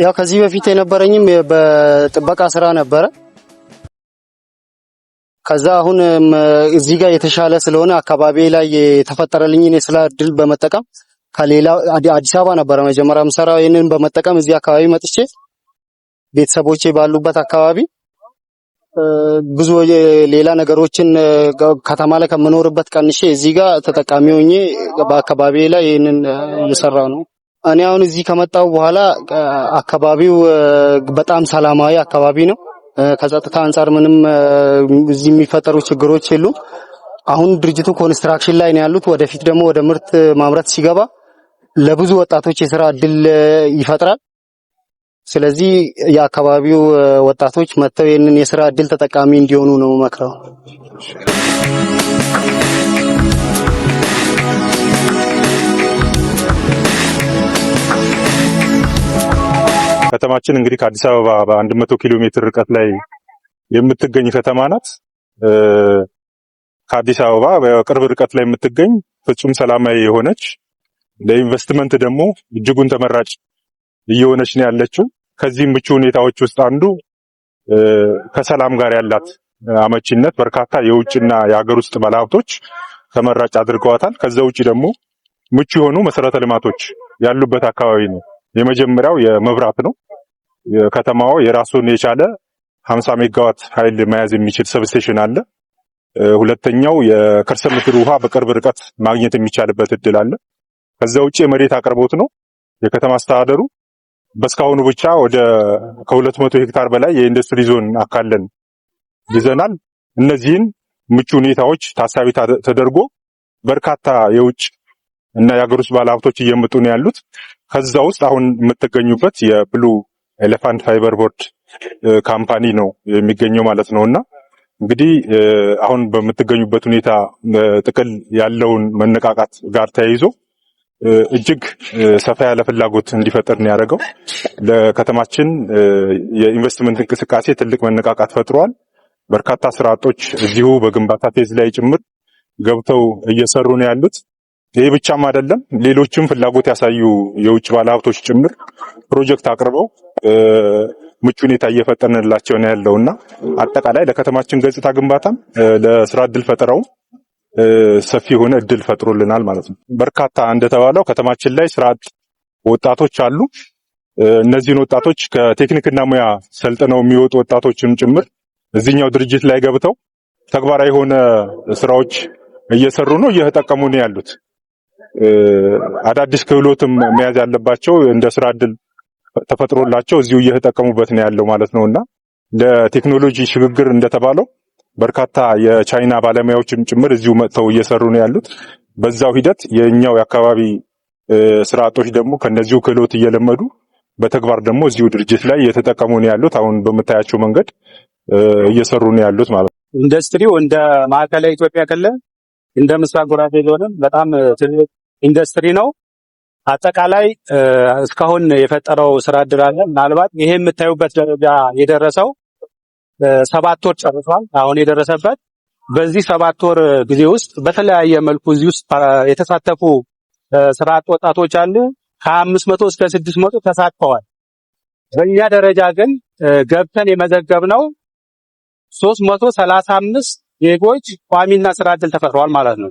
ያው ከዚህ በፊት የነበረኝም በጥበቃ ስራ ነበረ። ከዛ አሁን እዚህ ጋር የተሻለ ስለሆነ አካባቢ ላይ የተፈጠረልኝን የስራ እድል በመጠቀም ከሌላ አዲስ አበባ ነበረ መጀመሪያ ምሰራ። ይህንን በመጠቀም እዚህ አካባቢ መጥቼ ቤተሰቦቼ ባሉበት አካባቢ ብዙ ሌላ ነገሮችን ከተማ ላይ ከምኖርበት ቀንሼ እዚህ ጋር ተጠቃሚ ሆኜ በአካባቢ ላይ ይህንን እየሰራ ነው። እኔ አሁን እዚህ ከመጣው በኋላ አካባቢው በጣም ሰላማዊ አካባቢ ነው። ከጸጥታ አንጻር ምንም እዚህ የሚፈጠሩ ችግሮች የሉም። አሁን ድርጅቱ ኮንስትራክሽን ላይ ነው ያሉት። ወደፊት ደግሞ ወደ ምርት ማምረት ሲገባ ለብዙ ወጣቶች የስራ እድል ይፈጥራል። ስለዚህ የአካባቢው ወጣቶች መጥተው ይህንን የስራ እድል ተጠቃሚ እንዲሆኑ ነው መክረው ከተማችን እንግዲህ ከአዲስ አበባ በአንድ መቶ ኪሎ ሜትር ርቀት ላይ የምትገኝ ከተማ ናት። ከአዲስ አበባ በቅርብ ርቀት ላይ የምትገኝ ፍጹም ሰላማዊ የሆነች ለኢንቨስትመንት ደግሞ እጅጉን ተመራጭ እየሆነች ነው ያለችው። ከዚህም ምቹ ሁኔታዎች ውስጥ አንዱ ከሰላም ጋር ያላት አመቺነት በርካታ የውጭና የሀገር ውስጥ ባለሀብቶች ተመራጭ አድርገዋታል። ከዛ ውጭ ደግሞ ምቹ የሆኑ መሰረተ ልማቶች ያሉበት አካባቢ ነው። የመጀመሪያው የመብራት ነው። የከተማው የራሱን የቻለ 50 ሜጋዋት ኃይል መያዝ የሚችል ሰብስቴሽን አለ። ሁለተኛው የከርሰ ምድር ውሃ በቅርብ ርቀት ማግኘት የሚቻልበት እድል አለ። ከዛ ውጭ የመሬት አቅርቦት ነው። የከተማ አስተዳደሩ በእስካሁኑ ብቻ ወደ ከሁለት መቶ ሄክታር በላይ የኢንዱስትሪ ዞን አካለን ይዘናል። እነዚህን ምቹ ሁኔታዎች ታሳቢ ተደርጎ በርካታ የውጭ እና የሀገር ውስጥ ባለሀብቶች እየመጡ ነው ያሉት። ከዛ ውስጥ አሁን የምትገኙበት የብሉ ኤሌፋንት ፋይበር ቦርድ ካምፓኒ ነው የሚገኘው ማለት ነው እና እንግዲህ አሁን በምትገኙበት ሁኔታ ጥቅል ያለውን መነቃቃት ጋር ተያይዞ እጅግ ሰፋ ያለ ፍላጎት እንዲፈጠር ነው ያደረገው። ለከተማችን የኢንቨስትመንት እንቅስቃሴ ትልቅ መነቃቃት ፈጥሯል። በርካታ ስራ አጦች እዚሁ በግንባታ ፌዝ ላይ ጭምር ገብተው እየሰሩ ነው ያሉት። ይህ ብቻም አይደለም፣ ሌሎችም ፍላጎት ያሳዩ የውጭ ባለሀብቶች ጭምር ፕሮጀክት አቅርበው ምቹ ሁኔታ እየፈጠንላቸው ነው ያለው እና አጠቃላይ ለከተማችን ገጽታ ግንባታም ለስራ እድል ፈጠራውም ሰፊ የሆነ እድል ፈጥሮልናል ማለት ነው። በርካታ እንደተባለው ከተማችን ላይ ስራ አጥ ወጣቶች አሉ። እነዚህን ወጣቶች ከቴክኒክና ሙያ ሰልጥነው የሚወጡ ወጣቶችም ጭምር እዚህኛው ድርጅት ላይ ገብተው ተግባራዊ የሆነ ስራዎች እየሰሩ ነው፣ እየተጠቀሙ ነው ያሉት። አዳዲስ ክህሎትም መያዝ ያለባቸው እንደ ስራ እድል ተፈጥሮላቸው እዚሁ እየተጠቀሙበት ነው ያለው ማለት ነው እና ለቴክኖሎጂ ሽግግር እንደተባለው በርካታ የቻይና ባለሙያዎችም ጭምር እዚሁ መጥተው እየሰሩ ነው ያሉት። በዛው ሂደት የእኛው የአካባቢ ስራ አጦች ደግሞ ከነዚሁ ክህሎት እየለመዱ በተግባር ደግሞ እዚሁ ድርጅት ላይ እየተጠቀሙ ነው ያሉት። አሁን በምታያቸው መንገድ እየሰሩ ነው ያሉት ማለት ነው። ኢንዱስትሪው እንደ ማዕከላዊ ኢትዮጵያ ክልል እንደ ምስራቅ ጉራጌ ዞንም በጣም ትልቅ ኢንዱስትሪ ነው። አጠቃላይ እስካሁን የፈጠረው ስራ እድል አለ። ምናልባት ይሄ የምታዩበት ደረጃ የደረሰው ሰባት ወር ጨርሷል። አሁን የደረሰበት በዚህ ሰባት ወር ጊዜ ውስጥ በተለያየ መልኩ እዚህ ውስጥ የተሳተፉ ስራ አጥ ወጣቶች አሉ። ከአምስት መቶ እስከ ስድስት መቶ ተሳትፈዋል። በእኛ ደረጃ ግን ገብተን የመዘገብ ነው ሶስት መቶ ሰላሳ አምስት ዜጎች ቋሚና ስራ እድል ተፈጥሯል ማለት ነው።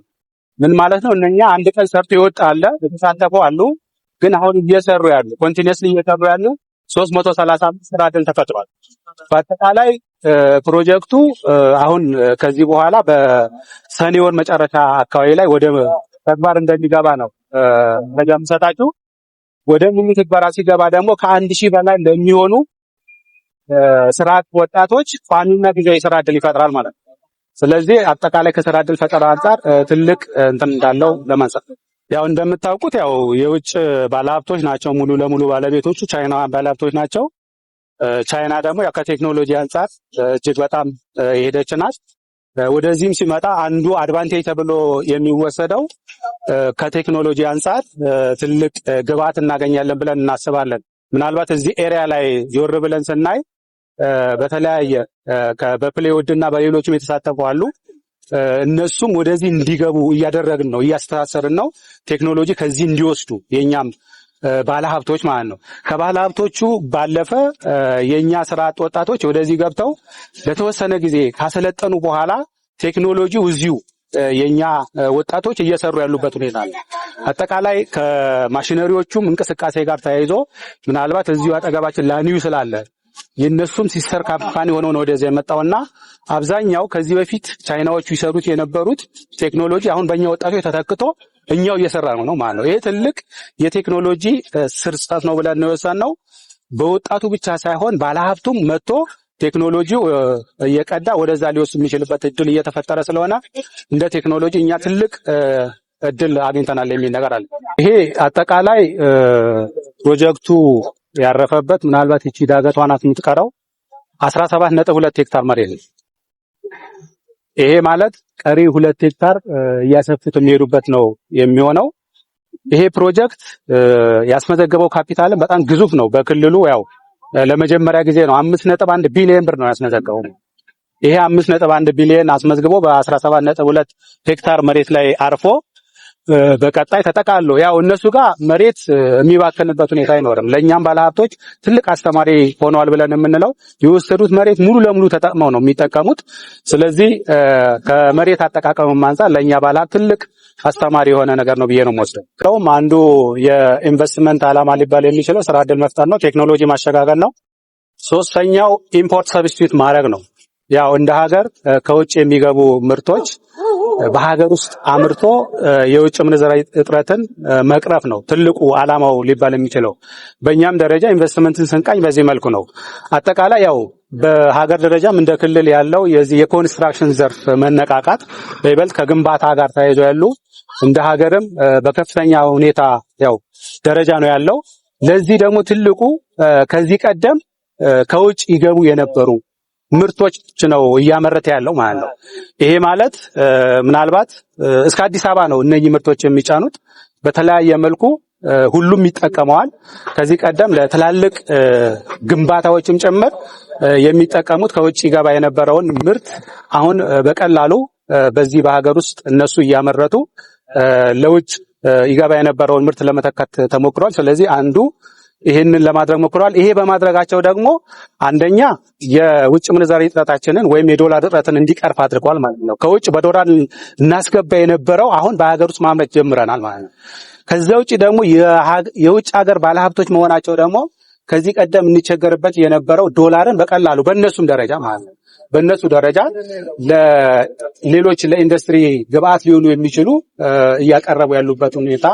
ምን ማለት ነው? እነኛ አንድ ቀን ሰርቶ የወጣ አለ፣ የተሳተፉ አሉ። ግን አሁን እየሰሩ ያሉ ኮንቲኒስሊ እየሰሩ ያሉ 335 መቶ ስራ ዕድል ተፈጥሯል። በአጠቃላይ ፕሮጀክቱ አሁን ከዚህ በኋላ በሰኔ ወር መጨረሻ አካባቢ ላይ ወደ ተግባር እንደሚገባ ነው መረጃ የምሰጣችሁ። ወደ ሙሉ ትግበራ ሲገባ ደግሞ ከአንድ ሺህ በላይ ለሚሆኑ ስራ ወጣቶች ቋሚና ጊዜያዊ ስራ ዕድል ይፈጥራል ማለት ነው። ስለዚህ አጠቃላይ ከስራ ዕድል ፈጠራ አንጻር ትልቅ እንትን እንዳለው ለማንሳት ያው እንደምታውቁት ያው የውጭ ባለሀብቶች ናቸው ሙሉ ለሙሉ ባለቤቶቹ ቻይናውያን ባለሀብቶች ናቸው። ቻይና ደግሞ ያው ከቴክኖሎጂ አንጻር እጅግ በጣም የሄደች ናት። ወደዚህም ሲመጣ አንዱ አድቫንቴጅ ተብሎ የሚወሰደው ከቴክኖሎጂ አንጻር ትልቅ ግብዓት እናገኛለን ብለን እናስባለን። ምናልባት እዚህ ኤሪያ ላይ ዞር ብለን ስናይ በተለያየ በፕሌይኦድ እና በሌሎችም የተሳተፉ አሉ። እነሱም ወደዚህ እንዲገቡ እያደረግን ነው፣ እያስተሳሰርን ነው። ቴክኖሎጂ ከዚህ እንዲወስዱ የእኛም ባለ ሀብቶች ማለት ነው። ከባለ ሀብቶቹ ባለፈ የእኛ ስራ አጥ ወጣቶች ወደዚህ ገብተው ለተወሰነ ጊዜ ካሰለጠኑ በኋላ ቴክኖሎጂ እዚሁ የእኛ ወጣቶች እየሰሩ ያሉበት ሁኔታ ነው። አጠቃላይ ከማሽነሪዎቹም እንቅስቃሴ ጋር ተያይዞ ምናልባት እዚሁ አጠገባችን ላኒው ስላለ የእነሱም ሲስተር ካምፓኒ ሆኖ ነው ወደዚያ የመጣውና አብዛኛው ከዚህ በፊት ቻይናዎቹ ይሰሩት የነበሩት ቴክኖሎጂ አሁን በእኛ ወጣቶች ተተክቶ እኛው እየሰራ ነው ማለት ነው። ይሄ ትልቅ የቴክኖሎጂ ስርጸት ነው ብለን ነው በወጣቱ ብቻ ሳይሆን ባለሀብቱም መጥቶ ቴክኖሎጂ እየቀዳ ወደዛ ሊወስድ የሚችልበት እድል እየተፈጠረ ስለሆነ እንደ ቴክኖሎጂ እኛ ትልቅ እድል አግኝተናል የሚል ነገር አለ። ይሄ አጠቃላይ ፕሮጀክቱ ያረፈበት ምናልባት እቺ ዳገቷ ናት የምትቀረው 17 ነጥብ ሄክታር መሬት ነው። ይሄ ማለት ቀሪ ሁለት ሄክታር እያሰፉት የሚሄዱበት ነው የሚሆነው። ይሄ ፕሮጀክት ያስመዘገበው ካፒታልም በጣም ግዙፍ ነው። በክልሉ ያው ለመጀመሪያ ጊዜ ነው አምስት ነጥብ አንድ ቢሊዮን ብር ነው ያስመዘገበው። ይሄ አምስት ነጥብ አንድ ቢሊዮን አስመዝግቦ በአስራ ሰባት ነጥብ ሁለት ሄክታር መሬት ላይ አርፎ በቀጣይ ተጠቃሎ ያው እነሱ ጋር መሬት የሚባከንበት ሁኔታ አይኖርም። ለእኛም ባለሀብቶች ትልቅ አስተማሪ ሆነዋል ብለን የምንለው የወሰዱት መሬት ሙሉ ለሙሉ ተጠቅመው ነው የሚጠቀሙት። ስለዚህ ከመሬት አጠቃቀም አንጻር ለእኛ ባለሀብት ትልቅ አስተማሪ የሆነ ነገር ነው ብዬ ነው የምወስደው። ከውም አንዱ የኢንቨስትመንት ዓላማ ሊባል የሚችለው ስራ ዕድል መፍጠር ነው፣ ቴክኖሎጂ ማሸጋገር ነው። ሶስተኛው ኢምፖርት ሰብስቲዩት ማድረግ ነው። ያው እንደ ሀገር ከውጭ የሚገቡ ምርቶች በሀገር ውስጥ አምርቶ የውጭ ምንዛሪ እጥረትን መቅረፍ ነው ትልቁ ዓላማው ሊባል የሚችለው። በእኛም ደረጃ ኢንቨስትመንትን ስንቃኝ በዚህ መልኩ ነው። አጠቃላይ ያው በሀገር ደረጃም እንደ ክልል ያለው የዚህ የኮንስትራክሽን ዘርፍ መነቃቃት በይበልጥ ከግንባታ ጋር ተያይዞ ያሉ እንደ ሀገርም በከፍተኛ ሁኔታ ያው ደረጃ ነው ያለው። ለዚህ ደግሞ ትልቁ ከዚህ ቀደም ከውጭ ይገቡ የነበሩ ምርቶች ነው እያመረተ ያለው ማለት ነው። ይሄ ማለት ምናልባት እስከ አዲስ አበባ ነው እነኚህ ምርቶች የሚጫኑት። በተለያየ መልኩ ሁሉም ይጠቀመዋል። ከዚህ ቀደም ለትላልቅ ግንባታዎችም ጭምር የሚጠቀሙት ከውጭ ገባ የነበረውን ምርት አሁን በቀላሉ በዚህ በሀገር ውስጥ እነሱ እያመረቱ ለውጭ ይገባ የነበረውን ምርት ለመተካት ተሞክሯል። ስለዚህ አንዱ ይህንን ለማድረግ ሞክረዋል። ይሄ በማድረጋቸው ደግሞ አንደኛ የውጭ ምንዛሪ እጥረታችንን ወይም የዶላር እጥረትን እንዲቀርፍ አድርጓል ማለት ነው። ከውጭ በዶላር እናስገባ የነበረው አሁን በሀገር ውስጥ ማምረት ጀምረናል ማለት ነው። ከዚ ውጭ ደግሞ የውጭ ሀገር ባለሀብቶች መሆናቸው ደግሞ ከዚህ ቀደም እንቸገርበት የነበረው ዶላርን በቀላሉ በእነሱም ደረጃ ማለት ነው በእነሱ ደረጃ ለሌሎች ለኢንዱስትሪ ግብአት ሊሆኑ የሚችሉ እያቀረቡ ያሉበት ሁኔታ